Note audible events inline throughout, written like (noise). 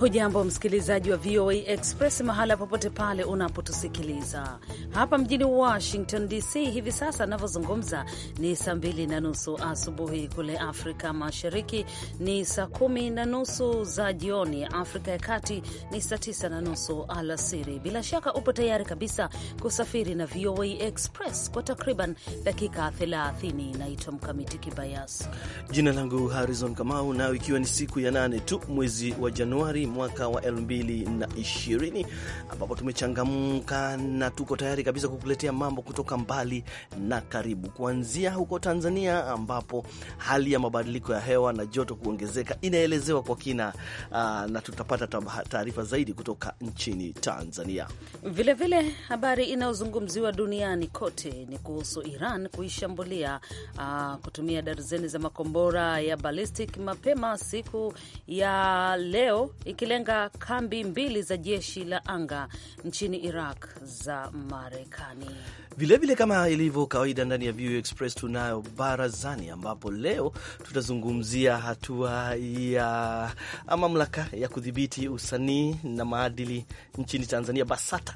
Hujambo msikilizaji wa VOA Express mahala popote pale unapotusikiliza. Hapa mjini Washington DC hivi sasa navyozungumza ni saa mbili na nusu asubuhi, kule Afrika Mashariki ni saa kumi na nusu za jioni, Afrika ya Kati ni saa tisa na nusu alasiri. Bila shaka upo tayari kabisa kusafiri na VOA Express kwa takriban dakika 30. Naitwa Mkamiti Kibayasi, jina langu Harrison Kamau, nao ikiwa ni siku ya nane tu mwezi wa Januari mwaka wa 2020 ambapo tumechangamka na tuko tayari kabisa kukuletea mambo kutoka mbali na karibu, kuanzia huko Tanzania ambapo hali ya mabadiliko ya hewa na joto kuongezeka inaelezewa kwa kina aa, ah, na tutapata taarifa zaidi kutoka nchini Tanzania. Vilevile vile, habari inayozungumziwa duniani kote ni kuhusu Iran kuishambulia aa, ah, kutumia darzeni za makombora ya ballistic mapema siku ya leo ikilenga kambi mbili za jeshi la anga nchini Iraq za Marekani. Vilevile, kama ilivyo kawaida, ndani ya VOA Express tunayo barazani, ambapo leo tutazungumzia hatua ya mamlaka ya kudhibiti usanii na maadili nchini Tanzania, BASATA,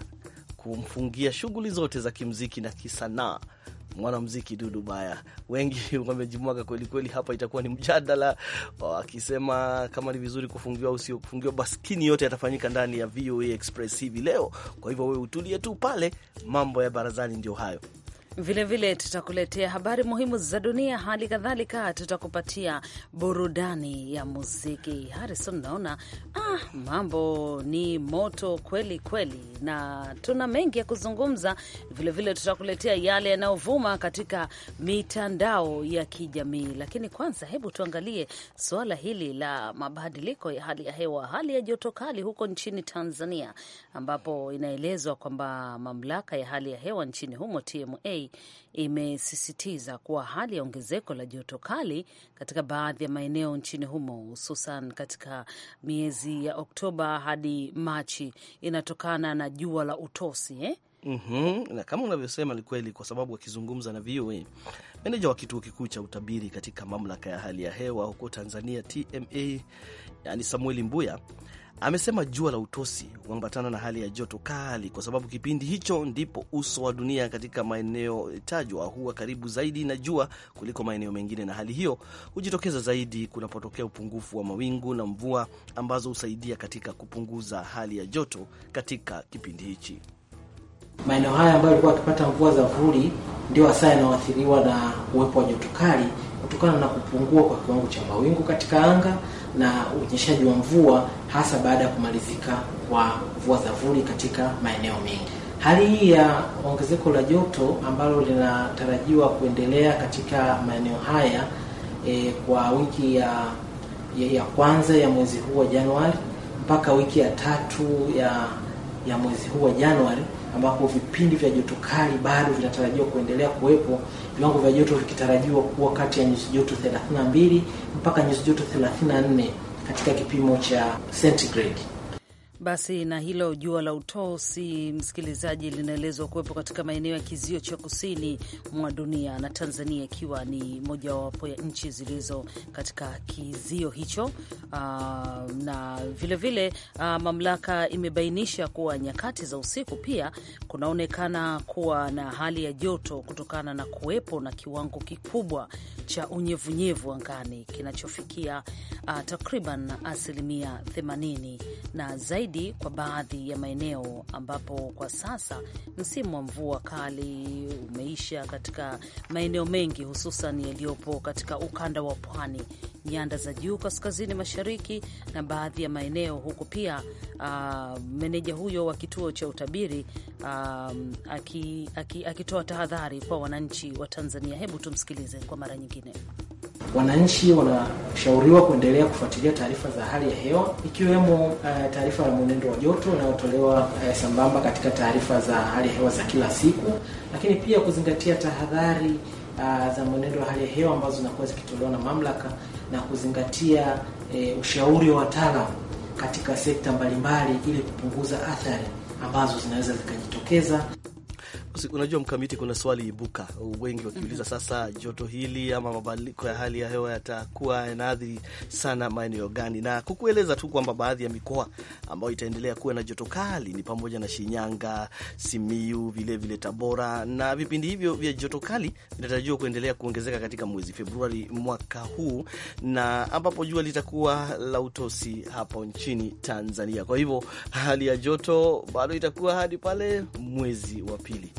kumfungia shughuli zote za kimziki na kisanaa mwanamuziki Dudu Baya. Wengi (laughs) wamejimwaga kwelikweli, hapa itakuwa ni mjadala wakisema oh, kama ni vizuri kufungiwa au sio kufungiwa. Baskini yote yatafanyika ndani ya VOA Express hivi leo, kwa hivyo wewe utulie tu pale. Mambo ya barazani ndio hayo. Vilevile tutakuletea habari muhimu za dunia, hali kadhalika tutakupatia burudani ya muziki. Harrison, naona ah, mambo ni moto kweli kweli, na tuna mengi ya kuzungumza. Vilevile tutakuletea yale yanayovuma katika mitandao ya kijamii, lakini kwanza, hebu tuangalie suala hili la mabadiliko ya hali ya hewa, hali ya joto kali huko nchini Tanzania, ambapo inaelezwa kwamba mamlaka ya hali ya hewa nchini humo TMA imesisitiza kuwa hali ya ongezeko la joto kali katika baadhi ya maeneo nchini humo, hususan katika miezi ya Oktoba hadi Machi inatokana na jua la utosi eh? Mm -hmm. Na kama unavyosema ni kweli, kwa sababu akizungumza na VOA meneja wa kituo kikuu cha utabiri katika mamlaka ya hali ya hewa huko Tanzania TMA, yani Samueli Mbuya Amesema jua la utosi huambatana na hali ya joto kali, kwa sababu kipindi hicho ndipo uso wa dunia katika maeneo tajwa huwa karibu zaidi na jua kuliko maeneo mengine, na hali hiyo hujitokeza zaidi kunapotokea upungufu wa mawingu na mvua ambazo husaidia katika kupunguza hali ya joto katika kipindi hichi. Maeneo haya ambayo yalikuwa yakipata mvua za vuli ndio hasa yanaoathiriwa na uwepo wa joto kali kutokana na kupungua kwa kiwango cha mawingu katika anga na unyeshaji wa mvua hasa baada ya kumalizika kwa mvua za vuli katika maeneo mengi. Hali hii ya ongezeko la joto ambalo linatarajiwa kuendelea katika maeneo haya e, kwa wiki ya, ya, ya kwanza ya mwezi huu wa Januari mpaka wiki ya tatu ya, ya mwezi huu wa Januari ambapo vipindi vya joto kali bado vinatarajiwa kuendelea kuwepo, viwango vya joto vikitarajiwa kuwa kati ya nyuzi joto 32 mpaka nyuzi joto 34 katika kipimo cha centigrade. Basi na hilo jua la utosi, msikilizaji, linaelezwa kuwepo katika maeneo ya kizio cha kusini mwa dunia, na Tanzania ikiwa ni mojawapo ya nchi zilizo katika kizio hicho. Uh, na vilevile vile, uh, mamlaka imebainisha kuwa nyakati za usiku pia kunaonekana kuwa na hali ya joto kutokana na kuwepo na kiwango kikubwa cha unyevunyevu angani kinachofikia ah, takriban asilimia 80 na zaidi zaidi kwa baadhi ya maeneo, ambapo kwa sasa msimu wa mvua kali umeisha katika maeneo mengi, hususan yaliyopo katika ukanda wa pwani, nyanda za juu, kaskazini mashariki na baadhi ya maeneo huku pia. Uh, meneja huyo wa kituo cha utabiri akitoa ah, aki, aki tahadhari kwa wananchi wa Tanzania. Hebu tumsikilize kwa mara nyingine. Wananchi wanashauriwa kuendelea kufuatilia taarifa za hali ya hewa ikiwemo uh, taarifa ya mwenendo wa joto unaotolewa eh, sambamba katika taarifa za hali ya hewa za kila siku, lakini pia kuzingatia tahadhari uh, za mwenendo wa hali ya hewa ambazo zinakuwa zikitolewa na mamlaka na kuzingatia eh, ushauri wa wataalamu katika sekta mbalimbali ili kupunguza athari ambazo zinaweza zikajitokeza unajua mkamiti, kuna swali ibuka, wengi wakiuliza mhm. sasa, joto hili ama mabadiliko ya hali ya hewa yatakuwa yanaadhiri sana maeneo gani? Na kukueleza tu kwamba baadhi ya mikoa ambayo itaendelea kuwa na joto kali ni pamoja na Shinyanga, Simiu, vilevile vile Tabora, na vipindi hivyo vya joto kali vinatarajiwa kuendelea kuongezeka katika mwezi Februari mwaka huu, na ambapo jua litakuwa la utosi hapo nchini Tanzania. Kwa hivyo hali ya joto bado itakuwa hadi pale mwezi wa pili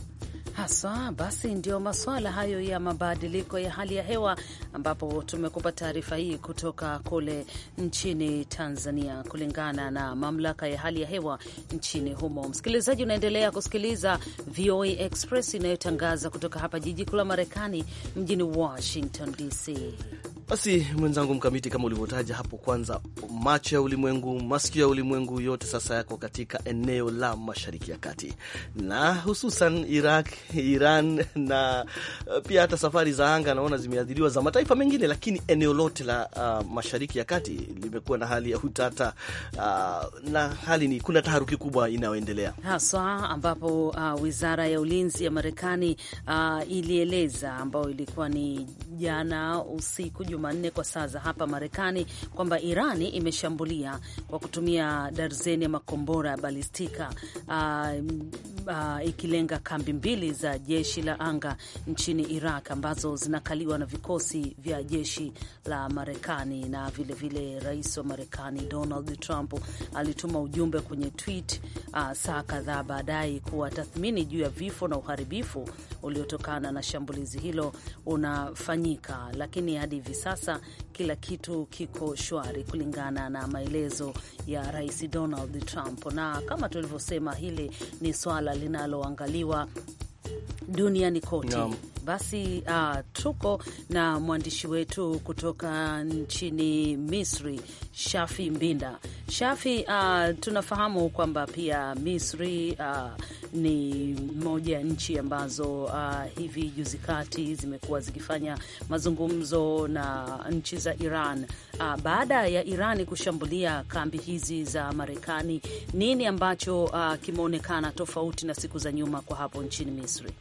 haswa. Basi ndio maswala hayo ya mabadiliko ya hali ya hewa, ambapo tumekupa taarifa hii kutoka kule nchini Tanzania, kulingana na mamlaka ya hali ya hewa nchini humo. Msikilizaji, unaendelea kusikiliza VOA Express inayotangaza kutoka hapa jiji kuu la Marekani, mjini Washington DC. Basi mwenzangu Mkamiti, kama ulivyotaja hapo kwanza, macho ya ulimwengu, masikio ya ulimwengu yote sasa yako katika eneo la Mashariki ya Kati na hususan Iraq, Iran na eh, pia hata safari za anga naona zimeathiriwa za mataifa mengine, lakini eneo lote la uh, Mashariki ya Kati limekuwa na hali ya utata uh, na hali ni kuna taharuki kubwa inayoendelea haswa, ambapo uh, wizara ya ulinzi ya Marekani uh, ilieleza ambayo ilikuwa ni jana usiku Jumanne kwa saa za hapa Marekani kwamba Irani imeshambulia kwa kutumia darzeni ya makombora ya balistika uh, uh, ikilenga kambi mbili za jeshi la anga nchini Iraq ambazo zinakaliwa na vikosi vya jeshi la Marekani. Na vilevile vile rais wa Marekani Donald Trump alituma ujumbe kwenye tweet uh, saa kadhaa baadaye kuwa tathmini juu ya vifo na uharibifu uliotokana na shambulizi hilo unafanyika, lakini hadi hivi sasa kila kitu kiko shwari kulingana na maelezo ya Rais Donald Trump. Na kama tulivyosema, hili ni swala linaloangaliwa duniani kote no. Basi uh, tuko na mwandishi wetu kutoka nchini Misri, Shafi Mbinda. Shafi, uh, tunafahamu kwamba pia Misri uh, ni moja ya nchi ambazo uh, hivi juzi kati zimekuwa zikifanya mazungumzo na nchi za Iran uh, baada ya Iran kushambulia kambi hizi za Marekani. Nini ambacho uh, kimeonekana tofauti na siku za nyuma kwa hapo nchini Misri?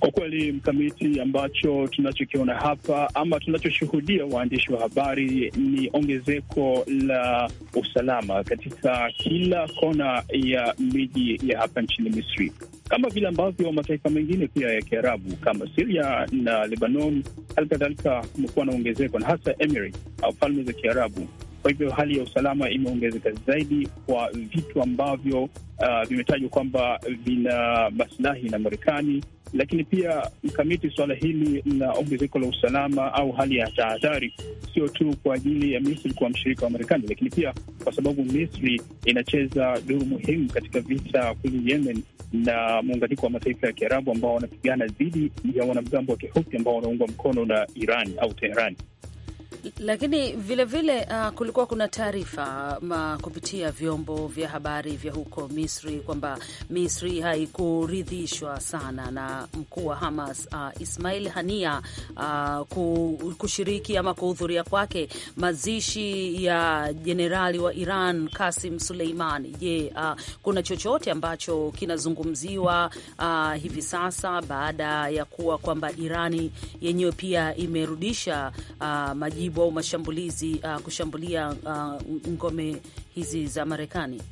Kwa kweli mkamiti, ambacho tunachokiona hapa ama tunachoshuhudia waandishi wa habari ni ongezeko la usalama katika kila kona ya miji ya hapa nchini Misri, kama vile ambavyo mataifa mengine pia ya Kiarabu kama Siria na Lebanon, hali kadhalika kumekuwa na ongezeko na hasa Emirates au Falme za Kiarabu kwa hivyo hali ya usalama imeongezeka zaidi kwa vitu ambavyo uh, vimetajwa kwamba vina masilahi na Marekani, lakini pia mkamiti, suala hili la ongezeko la usalama au hali ya tahadhari sio tu kwa ajili ya Misri kuwa mshirika wa Marekani, lakini pia kwa sababu Misri inacheza duru muhimu katika vita kule Yemen na muunganiko wa mataifa ya Kiarabu ambao wanapigana dhidi ya wanamgambo wa Kihuthi ambao wanaungwa mkono na Iran au Teherani lakini vilevile vile, uh, kulikuwa kuna taarifa uh, kupitia vyombo vya habari vya huko Misri kwamba Misri haikuridhishwa sana na mkuu wa Hamas uh, Ismail Hania uh, kushiriki ama kuhudhuria kwake mazishi ya jenerali wa Iran Kasim Suleimani. Je, uh, kuna chochote ambacho kinazungumziwa uh, hivi sasa baada ya kuwa kwamba Irani yenyewe pia imerudisha uh, majibu wa mashambulizi uh, kushambulia uh, ngome hizi za Marekani?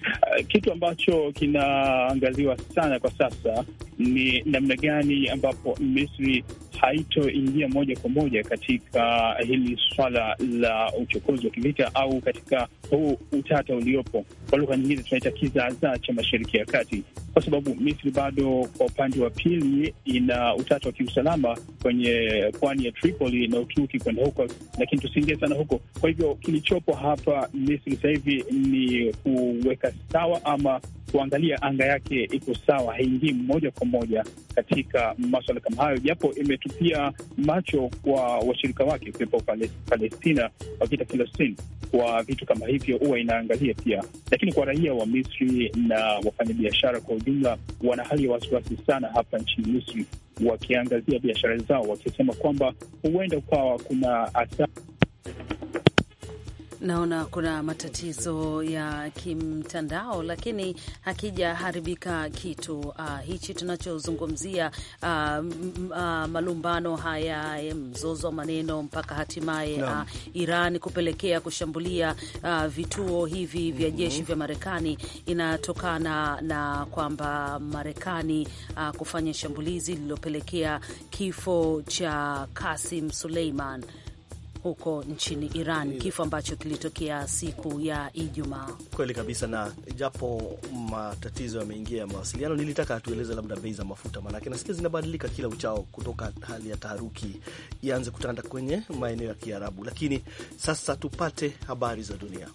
Uh, kitu ambacho kinaangaziwa sana kwa sasa ni namna gani ambapo Misri haitoingia moja kwa moja katika hili swala la uchokozi wa kivita au katika huu utata uliopo kwa lugha nyingine tunaita kizaazaa cha Mashariki ya Kati, kwa sababu Misri bado kwa upande wa pili ina utata wa kiusalama kwenye pwani ya Tripoli na Uturuki kwenda huko, lakini tusiingie sana huko. Kwa hivyo kilichopo hapa Misri sasa hivi ni kuweka sawa ama kuangalia anga yake iko sawa, haingii moja kwa moja katika maswala kama hayo, japo imetupia macho kwa washirika wake ukiwepo Palestina, wakita Filostin kwa vitu kama hivyo, huwa inaangalia pia. Lakini kwa raia wa Misri na wafanyabiashara kwa ujumla, wana hali ya wasiwasi sana hapa nchini Misri, wakiangazia biashara zao, wakisema kwamba huenda ukawa kuna asa Naona kuna matatizo ya kimtandao, lakini hakijaharibika kitu. Uh, hichi tunachozungumzia uh, uh, malumbano haya, eh, mzozo wa maneno mpaka hatimaye no. uh, Iran kupelekea kushambulia uh, vituo hivi vya mhm. jeshi mm -hmm. vya Marekani inatokana na kwamba Marekani uh, kufanya shambulizi lililopelekea kifo cha Kasim Suleiman huko nchini Iran, kifo ambacho kilitokea siku ya Ijumaa. Kweli kabisa, na japo matatizo yameingia ya mawasiliano, nilitaka atueleze labda bei za mafuta, maanake nasikia zinabadilika kila uchao, kutoka hali ya taharuki ianze kutanda kwenye maeneo ya Kiarabu. Lakini sasa tupate habari za dunia.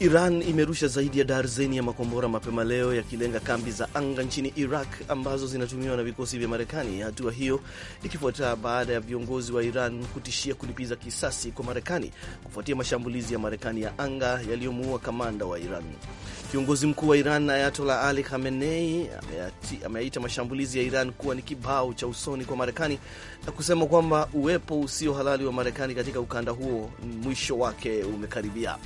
Iran imerusha zaidi ya darzeni ya makombora mapema leo yakilenga kambi za anga nchini Iraq ambazo zinatumiwa na vikosi vya Marekani, hatua hiyo ikifuata baada ya viongozi wa Iran kutishia kulipiza kisasi kwa Marekani kufuatia mashambulizi ya Marekani ya anga yaliyomuua kamanda wa Iran. Kiongozi mkuu wa Iran Ayatola Ali Khamenei ameyaita mashambulizi ya Iran kuwa ni kibao cha usoni kwa Marekani na kusema kwamba uwepo usio halali wa Marekani katika ukanda huo mwisho wake umekaribia.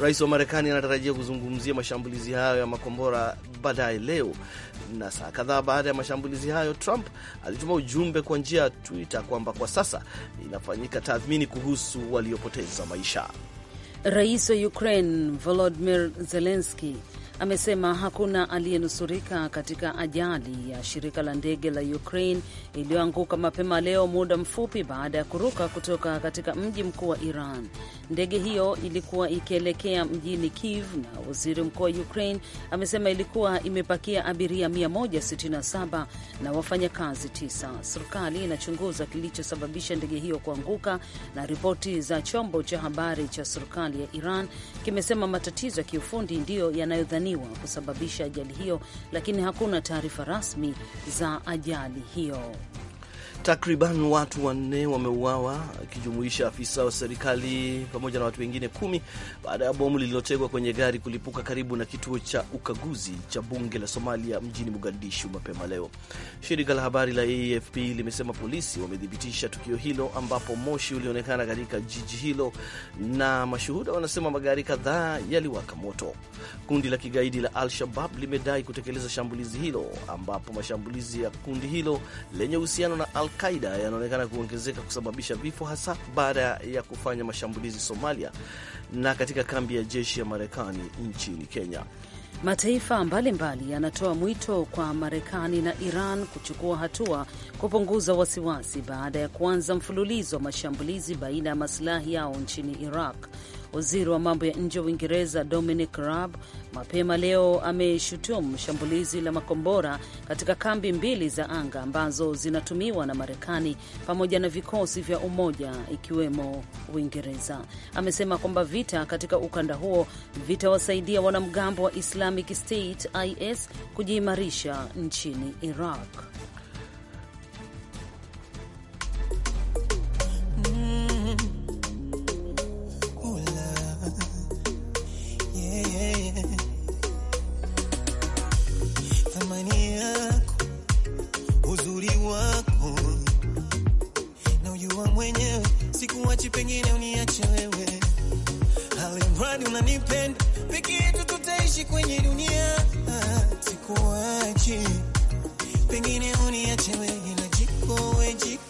Rais wa Marekani Marekani anatarajia kuzungumzia mashambulizi hayo ya makombora baadaye leo. Na saa kadhaa baada ya mashambulizi hayo, Trump alituma ujumbe kwa njia ya Twitter kwamba kwa sasa inafanyika tathmini kuhusu waliopoteza maisha. Rais wa Ukraine Volodymyr Zelensky amesema hakuna aliyenusurika katika ajali ya shirika la ndege la Ukraine iliyoanguka mapema leo, muda mfupi baada ya kuruka kutoka katika mji mkuu wa Iran. Ndege hiyo ilikuwa ikielekea mjini Kiev, na waziri mkuu wa Ukraine amesema ilikuwa imepakia abiria 167 na wafanyakazi 9. Serikali inachunguza kilichosababisha ndege hiyo kuanguka, na ripoti za chombo cha habari cha serikali ya Iran kimesema matatizo ya kiufundi ndiyo yanayodhania waliodhaniwa kusababisha ajali hiyo, lakini hakuna taarifa rasmi za ajali hiyo. Takriban watu wanne wameuawa akijumuisha afisa wa serikali pamoja na watu wengine kumi baada ya bomu lililotegwa kwenye gari kulipuka karibu na kituo cha ukaguzi cha bunge la Somalia mjini Mogadishu mapema leo. Shirika la habari la AFP limesema polisi wamethibitisha tukio hilo, ambapo moshi ulionekana katika jiji hilo na mashuhuda wanasema magari kadhaa yaliwaka moto. Kundi la kigaidi la Al-Shabab limedai kutekeleza shambulizi hilo, ambapo mashambulizi ya kundi hilo lenye uhusiano na Al Alqaida yanaonekana kuongezeka kusababisha vifo hasa baada ya kufanya mashambulizi Somalia na katika kambi ya jeshi ya Marekani nchini Kenya. Mataifa mbalimbali yanatoa mwito kwa Marekani na Iran kuchukua hatua kupunguza wasiwasi baada ya kuanza mfululizo wa mashambulizi baina ya masilahi yao nchini Iraq. Waziri wa mambo ya nje wa Uingereza Dominic Raab mapema leo ameshutumu shambulizi la makombora katika kambi mbili za anga ambazo zinatumiwa na Marekani pamoja na vikosi vya Umoja ikiwemo Uingereza. Amesema kwamba vita katika ukanda huo vitawasaidia wanamgambo wa Islamic State IS kujiimarisha nchini Iraq. sikuachi, pengine uniache wewe, alimradi unanipenda, peke yetu tutaishi kwenye dunia. Sikuachi, pengine uniache wewe, na jiko jiko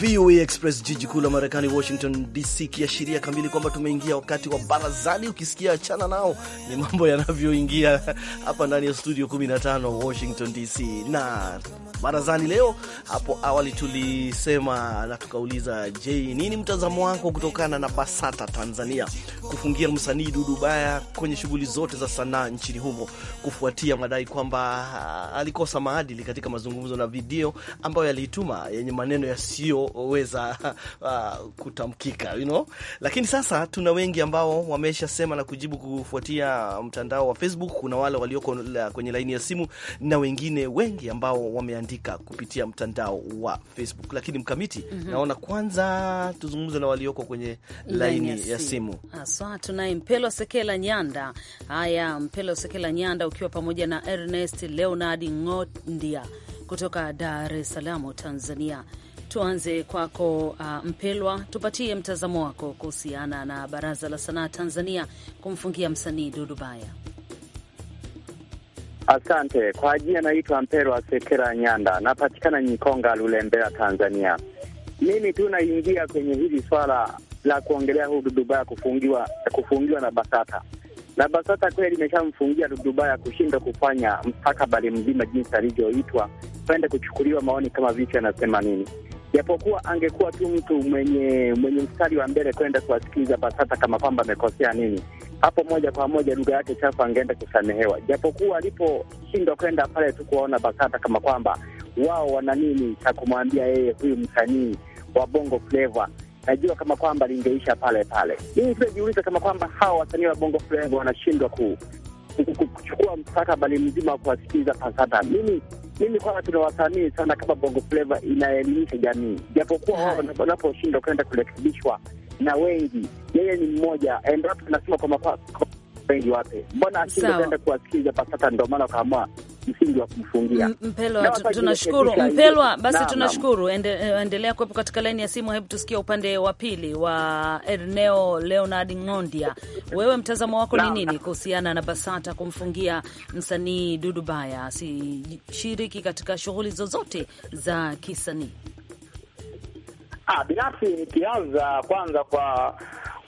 VOA Express, jiji kuu la Marekani, Washington DC, kiashiria kamili kwamba tumeingia wakati wa barazani. Ukisikia achana nao, ni mambo yanavyoingia hapa ndani ya studio 15 Washington DC. Na barazani leo, hapo awali tulisema na tukauliza, je, nini mtazamo wako kutokana na BASATA Tanzania kufungia msanii Dudu Baya kwenye shughuli zote za sanaa nchini humo kufuatia madai kwamba ah, alikosa maadili katika mazungumzo na video ambayo yaliituma yenye maneno yasiyo unavyoweza uh, (laughs) ah, kutamkika you know? Lakini sasa tuna wengi ambao wameshasema na kujibu kufuatia mtandao wa Facebook. Kuna wale walioko kwenye laini ya simu na wengine wengi ambao wameandika kupitia mtandao wa Facebook. Lakini mkamiti, mm -hmm. naona kwanza tuzungumze na walioko kwenye laini ya simu, haswa Aswa, tunaye Mpelo Sekela Nyanda. Haya, Mpelo Sekela Nyanda ukiwa pamoja na Ernest Leonard Ng'ondia kutoka Dar es Salaam, Tanzania. Tuanze kwako uh, Mpelwa, tupatie mtazamo wako kuhusiana na Baraza la Sanaa Tanzania kumfungia msanii dudubaya Asante kwa ajili. Naitwa Mpelwa Sekera Nyanda, napatikana Nyikonga, Lulembela, Tanzania. Mimi tu naingia kwenye hili swala la kuongelea huu dudubaya kufungiwa, kufungiwa na BASATA na BASATA kweli imeshamfungia dudubaya kushindwa kufanya mstakabali mzima jinsi alivyoitwa, kwenda kuchukuliwa maoni kama vicha yanasema nini japokuwa angekuwa tu mtu mwenye mwenye mstari wa mbele kwenda kuwasikiliza BASATA kama kwamba amekosea nini, hapo moja kwa moja lugha yake chafu angeenda kusamehewa, japokuwa aliposhindwa kwenda pale tu kuwaona BASATA kama kwamba wao wana nini cha kumwambia yeye huyu msanii wa Bongo fleva najua kama kwamba lingeisha pale pale. Mimi tunajiuliza kama kwamba hawa wasanii wa Bongo fleva wanashindwa ku kuchukua mstakabali mzima wa kuwasikiliza BASATA. Mimi mimi kwanza, tunawathamini sana kama Bongo Flava inaelimisha jamii, japokuwa wao wanaposhindwa kwenda kurekebishwa na wengi, yeye ni mmoja, endapo tunasema kwamba wengi wape, mbona ashindwe kwenda kuwasikiza Pasaka, ndio maana wakaamua msingi wa kumfungia Mpelwa. Tunashukuru Mpelwa, basi tunashukuru. Eh, endelea kuwepo katika laini ya simu. Hebu tusikie upande wa pili wa Erneo Leonard Ng'ondia, wewe mtazamo wako ni nini kuhusiana na BASATA kumfungia msanii dudubaya asishiriki katika shughuli zozote za kisanii? Ah, binafsi nikianza kwanza kwa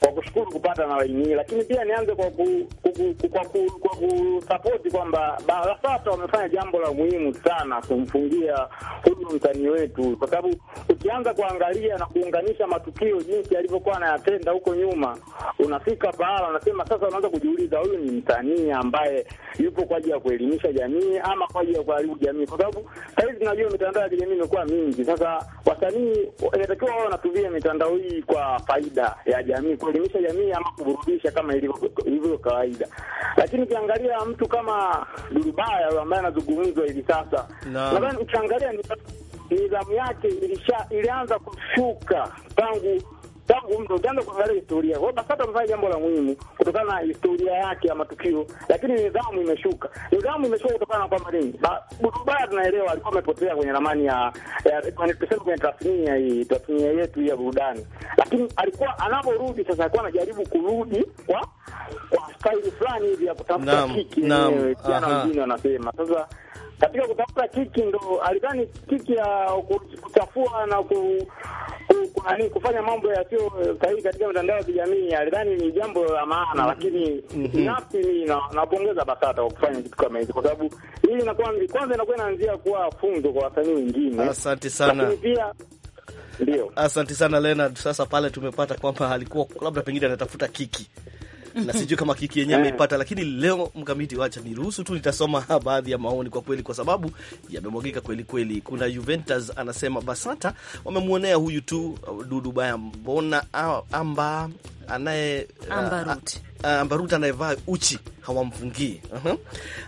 kwa kushukuru kupata na wainii, lakini pia nianze kwa ku, ku, ku, kwa ku, kwa kusapoti kwamba BARASATA wamefanya jambo la muhimu sana kumfungia huyu mtani wetu, kwa sababu ukianza kuangalia na kuunganisha matukio jinsi alivyokuwa anayatenda huko nyuma, unafika pahala unasema sasa, unaanza kujiuliza huyu ni mtanii ambaye yupo kwa ajili ya kuelimisha jamii ama kwa ajili ya kuharibu jamii, kwa sababu sahizi tunajua mitandao ya kijamii imekuwa mingi. Sasa wasanii inatakiwa wao wanatumia mitandao hii kwa faida ya jamii kwa kuelimisha jamii ama kuburudisha kama ilivyo kawaida. Lakini ukiangalia mtu kama Durubaya ambaye anazungumzwa hivi sasa, nadhani ukiangalia nidhamu yake ilisha ilianza kushuka tangu tangu mtu utaanza kuangalia historia. Kwa hiyo BASATA wamefanya jambo la muhimu kutokana na historia yake ya matukio, lakini nidhamu imeshuka. Nidhamu imeshuka kutokana na kwamba nini, Dubaya tunaelewa alikuwa amepotea kwenye ramani ya ya tuseme, kwenye tasnia hii, tasnia yetu hii ya burudani, lakini alikuwa anaporudi sasa, alikuwa anajaribu kurudi kwa kwa staili fulani hivi ya kutafuta kiki, na wengine wanasema sasa katika kutafuta kiki ndo alidhani kiki ya kuchafua na ku kunani kufanya mambo yasiyo eh, sahihi katika mitandao ya kijamii alidhani ni jambo la maana, lakini binafsi mhm. mimi napongeza BASATA kwa kufanya kitu kama hicho, kwa sababu hili inakuwa kwanza kwanza inakuwa inaanzia kuwa funzo kwa wasanii wengine. Asante sana, pia ndio, asante sana Leonard. Sasa pale tumepata kwamba alikuwa labda pengine anatafuta kiki (laughs) na sijui kama kiki yenyewe eh. ameipata, lakini leo mkamiti, wacha niruhusu tu nitasoma (laughs) baadhi ya maoni kwa kweli, kwa sababu yamemwagika kweli kweli. Kuna Juventus anasema Basata wamemwonea huyu tu uh, dudu baya, mbona amba anaye uh, ambarut anayevaa uchi hawamfungii. uh -huh.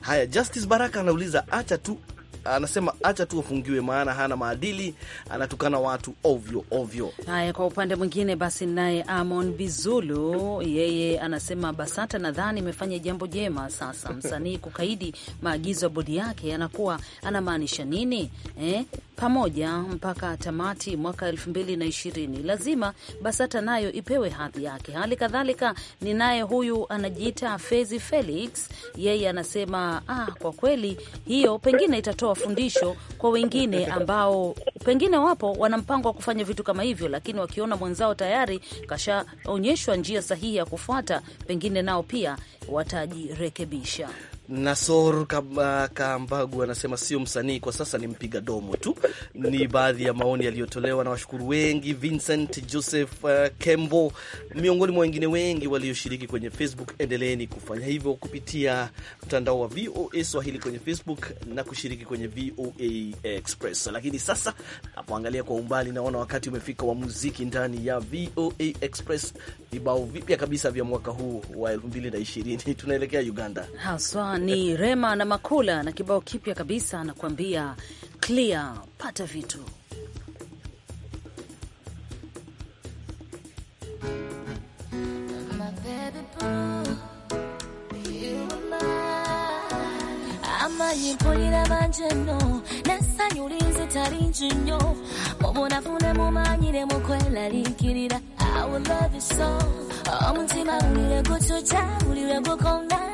Haya, Justice Baraka anauliza acha tu anasema acha tu afungiwe, maana hana maadili, anatukana watu ovyo ovyo. Haya, kwa upande mwingine basi, naye Amon Bizulu yeye anasema BASATA nadhani imefanya jambo jema. Sasa (laughs) msanii kukaidi maagizo ya bodi yake, anakuwa anamaanisha nini eh? pamoja mpaka tamati mwaka 2020 lazima BASATA nayo ipewe hadhi yake. Hali kadhalika ninaye huyu anajiita Fezi Felix, yeye anasema ah, kwa kweli hiyo pengine itatoa fundisho kwa wengine ambao pengine wapo wana mpango wa kufanya vitu kama hivyo, lakini wakiona mwenzao tayari kashaonyeshwa njia sahihi ya kufuata, pengine nao pia watajirekebisha. Nasor Kambagu anasema sio msanii kwa sasa, ni mpiga domo tu. Ni baadhi ya maoni yaliyotolewa na washukuru wengi, Vincent Joseph uh, Kembo miongoni mwa wengine wengi walioshiriki kwenye Facebook. Endeleeni kufanya hivyo kupitia mtandao wa VOA Swahili kwenye Facebook na kushiriki kwenye VOA Express. Lakini sasa napoangalia kwa umbali, naona wakati umefika wa muziki ndani ya VOA Express, vibao vipya kabisa vya mwaka huu wa 2020 (laughs) tunaelekea Uganda haswa ni Rema na Makula na kibao kipya kabisa, anakuambia clear, pata vitu mumanyire omutima ulire gucuca ulire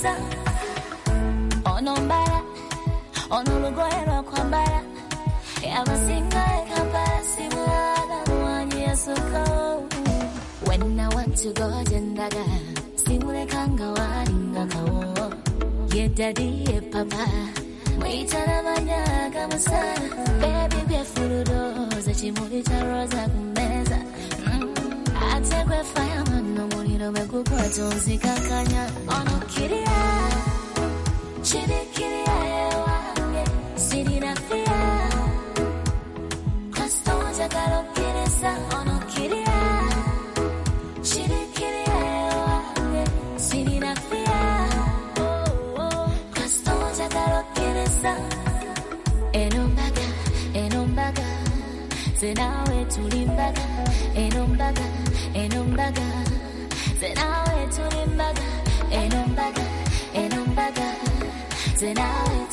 kabisa ono mbala ono lugoye lwakwambala abasinga ekapasibwana mwanyesuko wenna wantugo gyendaga simulekanga walinga kawo ye dadi ye papa mwitana manyaga musa bebi byefuludoza kimuli kya roza kumba bategwe fireman umuriro begugwa tunzikakanya onukiriya chibikiriya yewa sirirafia kastonjakalokirisa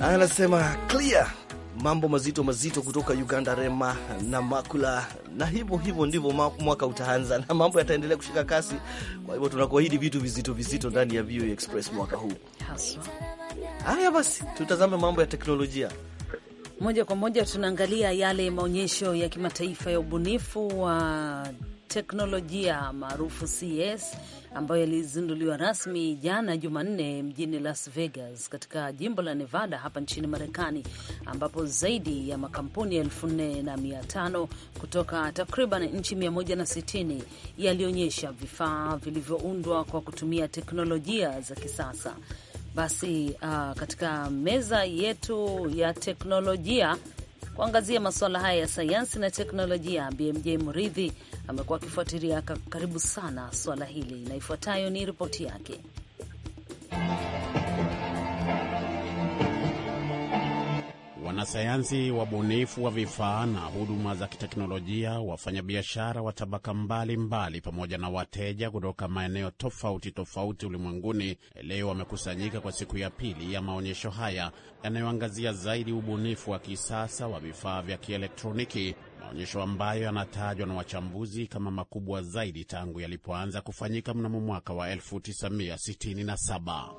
Anasema clear mambo mazito mazito kutoka Uganda, Rema na Makula, na hivyo hivyo ndivyo mwaka utaanza na mambo yataendelea kushika kasi. Kwa hivyo tunakuahidi vitu vizito vizito ndani ya VOA Express mwaka huu. Haya basi, tutazame mambo ya teknolojia. Moja kwa moja tunaangalia yale maonyesho ya kimataifa ya ubunifu wa teknolojia maarufu CES ambayo yalizinduliwa rasmi jana Jumanne mjini Las Vegas katika jimbo la Nevada hapa nchini Marekani, ambapo zaidi ya makampuni elfu kutoka takriban nchi 160 yalionyesha vifaa vilivyoundwa kwa kutumia teknolojia za kisasa. Basi uh, katika meza yetu ya teknolojia kuangazia masuala haya ya sayansi na teknolojia, BMJ Mridhi amekuwa akifuatilia karibu sana suala hili, na ifuatayo ni ripoti yake. Wanasayansi, wabunifu wa vifaa na huduma za kiteknolojia, wafanyabiashara wa tabaka mbalimbali, pamoja na wateja kutoka maeneo tofauti tofauti ulimwenguni leo wamekusanyika kwa siku ya pili ya maonyesho haya yanayoangazia zaidi ubunifu wa kisasa wa vifaa vya kielektroniki, maonyesho ambayo yanatajwa na wachambuzi kama makubwa zaidi tangu yalipoanza kufanyika mnamo mwaka wa 1967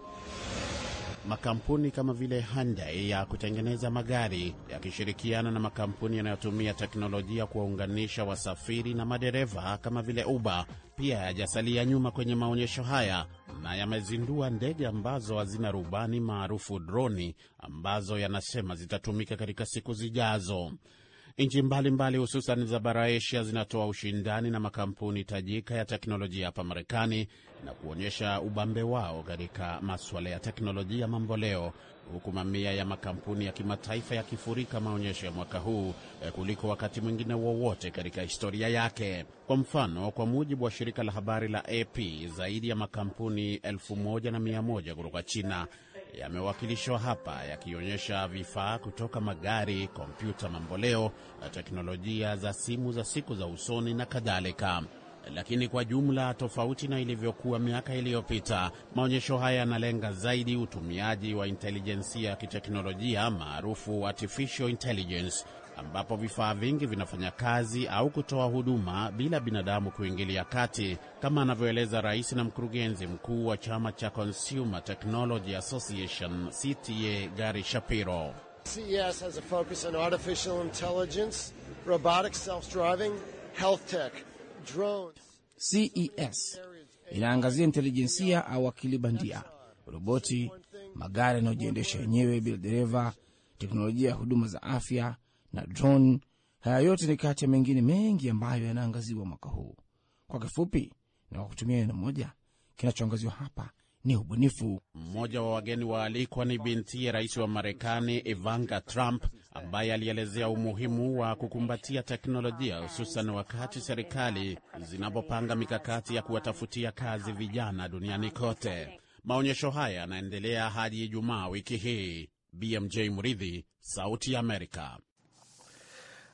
makampuni kama vile Hyundai ya kutengeneza magari yakishirikiana na makampuni yanayotumia teknolojia kuwaunganisha wasafiri na madereva kama vile Uber pia yajasalia nyuma kwenye maonyesho haya na yamezindua ndege ambazo hazina rubani maarufu droni ambazo yanasema zitatumika katika siku zijazo. Nchi mbalimbali hususan za bara Asia zinatoa ushindani na makampuni tajika ya teknolojia hapa Marekani na kuonyesha ubambe wao katika maswala ya teknolojia mamboleo, huku mamia ya makampuni ya kimataifa yakifurika maonyesho ya mwaka huu eh, kuliko wakati mwingine wowote katika historia yake. Kwa mfano, kwa mujibu wa shirika la habari la AP, zaidi ya makampuni elfu moja na mia moja kutoka China yamewakilishwa hapa yakionyesha vifaa kutoka magari, kompyuta mamboleo, teknolojia za simu za siku za usoni na kadhalika. Lakini kwa jumla, tofauti na ilivyokuwa miaka iliyopita, maonyesho haya yanalenga zaidi utumiaji wa intelijensia ya kiteknolojia maarufu artificial intelligence ambapo vifaa vingi vinafanya kazi au kutoa huduma bila binadamu kuingilia kati, kama anavyoeleza rais na mkurugenzi mkuu wa chama cha Consumer Technology Association CTA Gary Shapiro. CES has a focus on artificial intelligence, robotics, self-driving, health tech, drones. CES inaangazia intelijensia au akili bandia, roboti, magari yanayojiendesha yenyewe bila dereva, teknolojia ya huduma za afya na drone. Haya yote ni kati ya mengine mengi ambayo yanaangaziwa mwaka huu. Kwa kifupi na kwa kutumia neno moja, kinachoangaziwa hapa ni ubunifu. Mmoja wa wageni waalikwa ni binti ya rais wa Marekani Ivanka Trump, ambaye alielezea umuhimu wa kukumbatia teknolojia, hususan wakati serikali zinapopanga mikakati ya kuwatafutia kazi vijana duniani kote. Maonyesho haya yanaendelea hadi Ijumaa wiki hii. BMJ mridhi Sauti Amerika.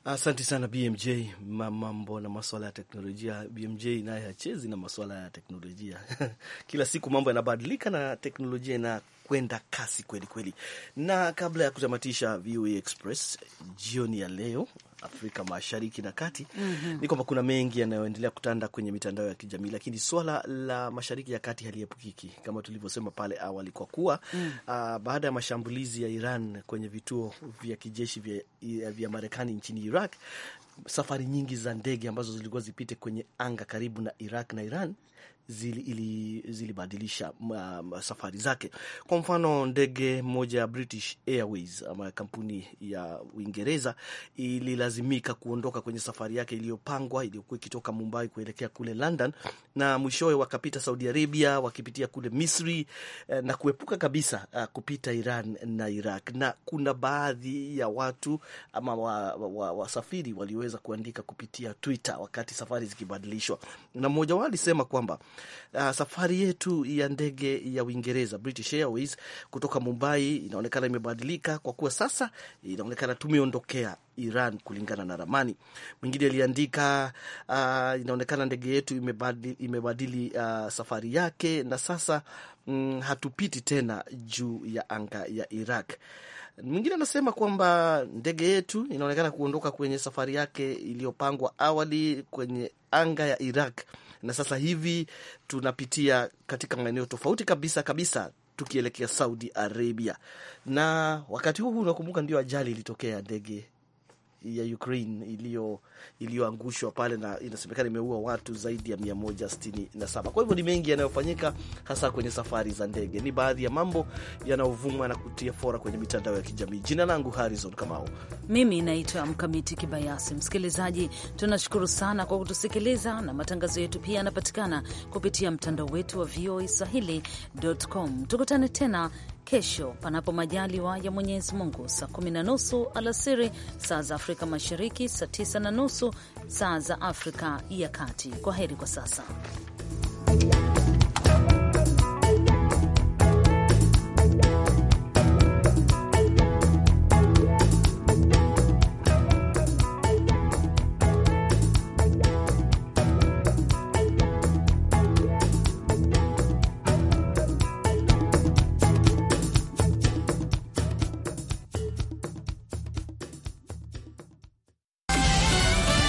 Asante sana BMJ, mambo na maswala ya teknolojia. BMJ naye hachezi na maswala ya teknolojia (laughs) kila siku mambo yanabadilika na teknolojia ina kwenda kasi kweli kweli. Na kabla ya kutamatisha VOA Express jioni ya leo Afrika Mashariki na Kati mm -hmm. ni kwamba kuna mengi yanayoendelea kutanda kwenye mitandao ya kijamii, lakini swala la Mashariki ya Kati haliepukiki kama tulivyosema pale awali, kwa kuwa mm. uh, baada ya mashambulizi ya Iran kwenye vituo vya kijeshi vya, vya Marekani nchini Iraq, safari nyingi za ndege ambazo zilikuwa zipite kwenye anga karibu na Iraq na Iran zilibadilisha zili safari zake. Kwa mfano, ndege moja ya British Airways ama kampuni ya Uingereza ililazimika kuondoka kwenye safari yake iliyopangwa iliyokuwa ikitoka Mumbai kuelekea kule London, na mwishowe wakapita Saudi Arabia wakipitia kule Misri eh, na kuepuka kabisa eh, kupita Iran na Iraq. Na kuna baadhi ya watu ama wasafiri wa, wa walioweza kuandika kupitia Twitter wakati safari zikibadilishwa, na mmoja wao alisema kwamba Uh, safari yetu ya ndege ya Uingereza British Airways kutoka Mumbai inaonekana imebadilika kwa kuwa sasa inaonekana tumeondokea Iran kulingana na ramani. Mwingine aliandika uh, inaonekana ndege yetu imebadili, imebadili uh, safari yake na sasa mm, hatupiti tena juu ya anga ya Iraq. Mwingine anasema kwamba ndege yetu inaonekana kuondoka kwenye safari yake iliyopangwa awali kwenye anga ya Iraq na sasa hivi tunapitia katika maeneo tofauti kabisa kabisa tukielekea Saudi Arabia, na wakati huu unakumbuka, ndio ajali ilitokea ndege ya Ukraine iliyoangushwa pale, na inasemekana imeua watu zaidi ya 167. Kwa hivyo ni mengi yanayofanyika hasa kwenye safari za ndege. Ni baadhi ya mambo yanayovuma na kutia fora kwenye mitandao ya kijamii. Jina langu Harrison Kamau, mimi naitwa Mkamiti Kibayasi. Msikilizaji, tunashukuru sana kwa kutusikiliza, na matangazo yetu pia yanapatikana kupitia mtandao wetu wa voaswahili.com. Tukutane tena kesho, panapo majaliwa ya Mwenyezi Mungu, saa kumi na nusu alasiri saa za Afrika Mashariki, saa tisa na nusu saa za Afrika ya Kati. Kwa heri kwa sasa.